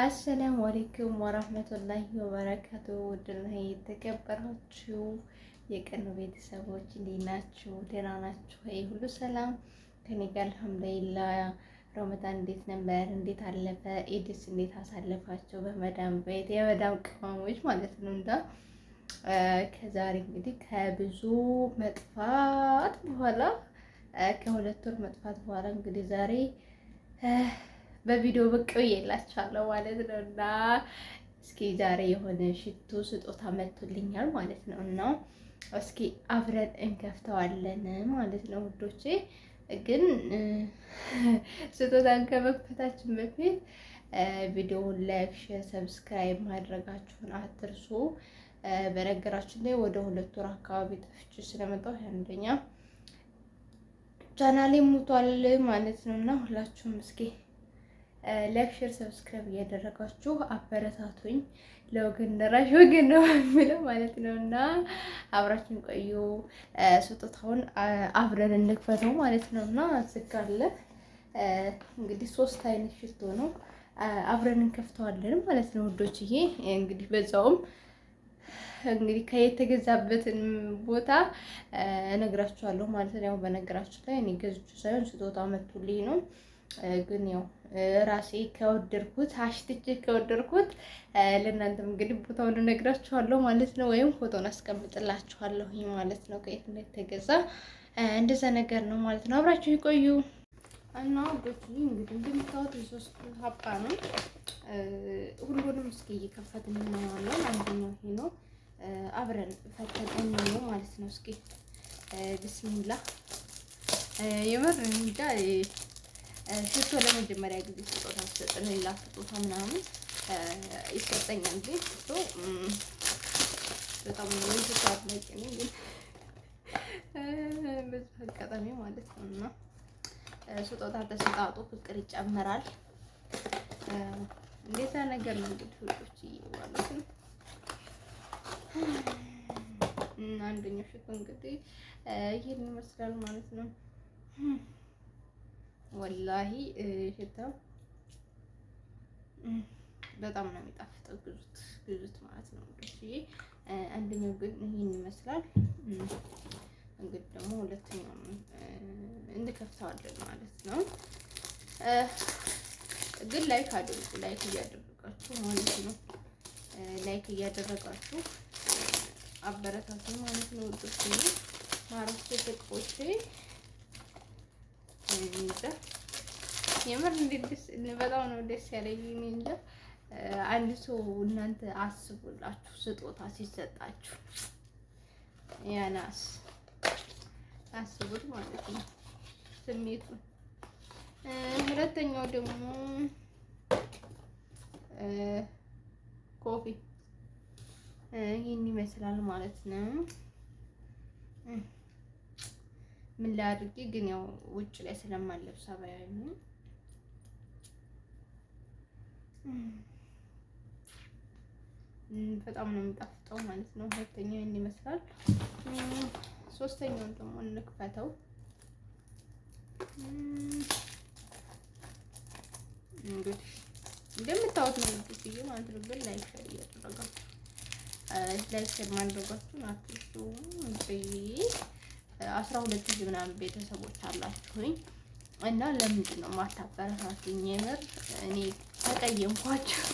አሰላሙ አሌይኩም ወራህመቱላሂ ወበረካቱ። ውድና የተከበራችሁ የቀኑ ቤተሰቦች እንዴት ናችሁ? ደህና ናችሁ? ይህ ሁሉ ሰላም ከኔ ጋር አልሐምዱሊላህ። ረመዳን እንዴት ነበር? እንዴት አለፈ? ኢድስ እንዴት አሳለፋችሁ? በመዳም ቤት የመዳም ቅመሞች ማለት ነው እንዳ ከዛሬ እንግዲህ ከብዙ መጥፋት በኋላ ከሁለት ወር መጥፋት በኋላ እንግዲህ ዛሬ በቪዲዮ ብቅ ብዬላችኋለሁ ማለት ነው እና እስኪ ዛሬ የሆነ ሽቶ ስጦታ መጥቶልኛል ማለት ነው እና እስኪ አብረን እንከፍተዋለን ማለት ነው ውዶቼ። ግን ስጦታን ከመክፈታችን በፊት ቪዲዮውን ላይክ፣ ሼር፣ ሰብስክራይብ ማድረጋችሁን አትርሱ። በነገራችን ላይ ወደ ሁለት ወር አካባቢ ጠፍቼ ስለመጣሁ አንደኛ ቻናሌ ሙቷል ማለት ነው። እና ሁላችሁም እስኪ ላይክ፣ ሼር፣ ሰብስክራይብ እያደረጋችሁ አበረታቱኝ። ለወገን ደራሽ ወገን ነው የሚለው ማለት ነው እና አብራችን ቆዩ። ስጦታውን አብረን እንክፈተው ማለት ነው እና ዝጋለ እንግዲህ ሶስት አይነት ሽቶ ነው። አብረን እንከፍተዋለን ማለት ነው ውዶችዬ። እንግዲህ በዛውም እንግዲህ ከየተገዛበትን ቦታ እነግራችኋለሁ ማለት ነው። ያው በነገራችሁ ላይ እኔ ገዝቼ ሳይሆን ስጦታ መጥቶልኝ ነው። ግን ያው ራሴ ከወደድኩት አሽትቼ ከወደድኩት ለእናንተም እንግዲህ ቦታውን እነግራችኋለሁ ማለት ነው። ወይም ፎቶን አስቀምጥላችኋለሁኝ ማለት ነው። ከየት እንደተገዛ እንደዛ ነገር ነው ማለት ነው። አብራችሁ ይቆዩ። እና ወዶች እንግዲህ እንደምታዩት የሶስት ሀባ ነው። ሁሉንም እስኪ እየከፈትን እናየዋለን። አንደኛው ይሄ ነው። አብረን ፈተጠን ነው ማለት ነው። እስኪ ብስሚላ የምር እንጃ ሽቶ ለመጀመሪያ ጊዜ ስጦታ ሰጠ ነው ሌላ ስጦታ ምናምን ይሰጠኛል እንጂ ሽቶ በጣም ነው ሽቶ አድናቂ ነኝ፣ ግን በዚህ አጋጣሚ ማለት ነው እና ስጦታ ተሰጣጡ፣ ፍቅር ይጨምራል። እንዴት ነገር ነው እንግዲህ ውጮች ማለት ነው። አንደኛው ሽቶ እንግዲህ ይሄን ይመስላል ማለት ነው። ወላሂ ሽታው በጣም ነው የሚጣፍጠው። ግዙት ግዙት ማለት ነው ውዶች። አንደኛው ግን ይሄን ይመስላል እንግዲህ ደግሞ ሁለተኛው ሰርተዋለን ማለት ነው። ግን ላይክ አድርጉ፣ ላይክ እያደረጋችሁ ማለት ነው። ላይክ እያደረጋችሁ አበረታቱ ማለት ነው። እንጃ የምር እንዴት ደስ ነው ደስ ያለኝ። እኔ እንጃ አንድ ሰው እናንተ አስቡላችሁ ስጦታ ሲሰጣችሁ ያናስ አስቡት ማለት ነው። ስሜቱ ሁለተኛው ደግሞ ኮፊ ይህን ይመስላል ማለት ነው። ምን ላይ አድርጌ ግን ያው ውጭ ላይ ስለማለብስ አባያሉ በጣም ነው የሚጣፍጠው ማለት ነው። ሁለተኛው ይህን ይመስላል። ሶስተኛውን ደግሞ እንክፈተው። እንግዲህ እንደምታዩት ነው ብዬ ማለት ነው። ግን ላይክ ሼር እያደረጋችሁ ላይክ ሼር ማድረጓችሁን አትርሱ። አስራ ሁለት ሺህ ምናምን ቤተሰቦች አላችሁኝ እና ለምንድን ነው የማታበረታቱኝ? የምር እኔ ተቀየምኳቸው።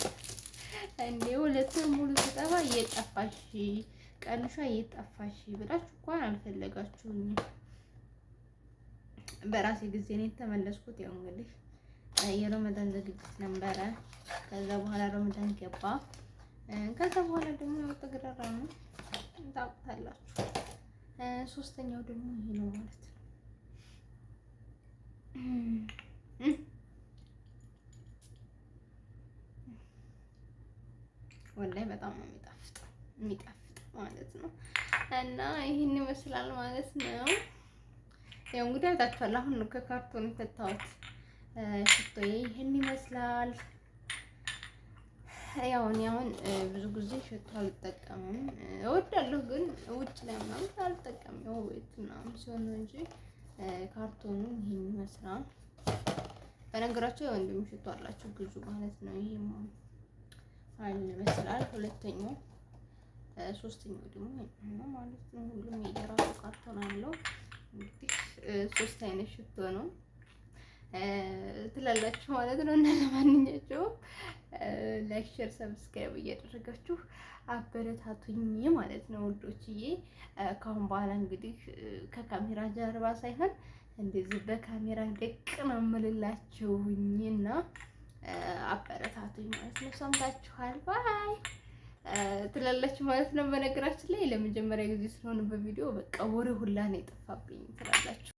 እንደ ሁለት ወር ሙሉ ስጠፋ እየጠፋሽ ቀንሿ እየጠፋሽ ብላችሁ እንኳን አልፈለጋችሁኝም። በራሴ ጊዜ ነው የተመለስኩት። ያው እንግዲህ የረመዳን ዝግጅት ነበረ። ከዛ በኋላ ረመዳን ገባ። ከዛ በኋላ ደግሞ ጥግረራ ነው ታውቁታላችሁ። ሶስተኛው ደግሞ ይሄ ነው ማለት ነው። ወላይ በጣም ነው የሚጣፍጥ የሚጣፍጥ ማለት ነው። እና ይህን ይመስላል ማለት ነው። ያው እንግዲህ አይታችኋል። አሁን ከካርቶን የፈታሁት። ሽቶዬ ይህን ይመስላል። ያው እኔ አሁን ብዙ ጊዜ ሽቶ አልጠቀምም። እወዳለሁ ግን ውጭ ላይ ምናምን አልጠቀምም። ያው ቤት ምናምን ሲሆን እንጂ ካርቶኑ ይህን ይመስላል። በነገራቸው የወንድም ሽቶ ግዙ ማለት ነው። ይመስላል። ሁለተኛው ሶስተኛው ደግሞ ማለት ነው። ሁሉም ካርቶን አለው። እንግዲህ ሶስት አይነት ሽቶ ነው ትላላችሁ ማለት ነው። እና ለማንኛቸውም ላይክ፣ ሼር፣ ሰብስክራይብ እያደረጋችሁ አበረታቱኝ ማለት ነው ውዶችዬ። ከአሁን በኋላ እንግዲህ ከካሜራ ጀርባ ሳይሆን እንደዚህ በካሜራ ደቅ ነው የምልላችሁኝና አበረታቱኝ ማለት ነው። ሰምታችኋል ባይ ትላላችሁ ማለት ነው። በነገራችን ላይ ለመጀመሪያ ጊዜ ስለሆነ በቪዲዮ በቃ ወሬ ሁላ ነው የጠፋብኝ ትላላችሁ።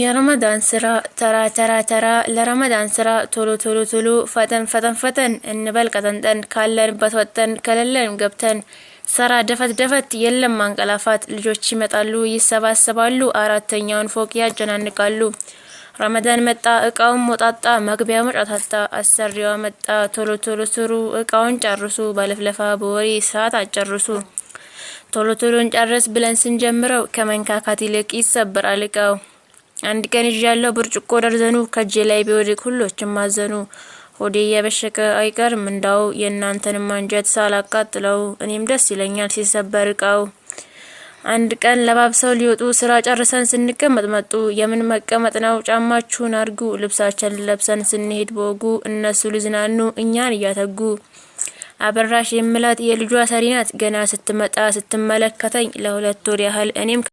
የረመዳን ስራ ተራ ተራ ተራ ለረመዳን ስራ ቶሎ ቶሎ ቶሎ ፈጠን ፈጠን ፈጠን እንበል ቀጠንጠን ካለንበት ወጠን ከሌለን ገብተን ሰራ ደፈት ደፈት የለም ማንቀላፋት። ልጆች ይመጣሉ፣ ይሰባሰባሉ፣ አራተኛውን ፎቅ ያጨናንቃሉ። ረመዳን መጣ፣ እቃውን ሞጣጣ፣ መግቢያ ሞጫታታ፣ አሰሪዋ መጣ፣ ቶሎ ቶሎ ስሩ፣ እቃውን ጨርሱ፣ በለፍለፋ በወሬ ሰዓት አጨርሱ። ቶሎ ቶሎ እንጨርስ ብለን ስንጀምረው ከመንካካት ይልቅ ይሰበራል እቃው። አንድ ቀን ያለው ብርጭቆ ደርዘኑ፣ ከእጄ ላይ ቢወድቅ ሁሎችም ማዘኑ። ሆዴ እያበሸቀ አይቀርም እንዳው፣ የእናንተንም አንጀት ሳላቃጥለው፣ እኔም ደስ ይለኛል ሲሰበር እቃው። አንድ ቀን ለባብሰው ሊወጡ ስራ ጨርሰን ስንቀመጥ መጡ። የምን መቀመጥ ነው? ጫማችሁን አርጉ። ልብሳችን ለብሰን ስንሄድ በወጉ እነሱ ሊዝናኑ እኛን እያተጉ። አበራሽ የምላት የልጇ ሰሪናት ናት። ገና ስትመጣ ስትመለከተኝ ለሁለት ወር ያህል እኔም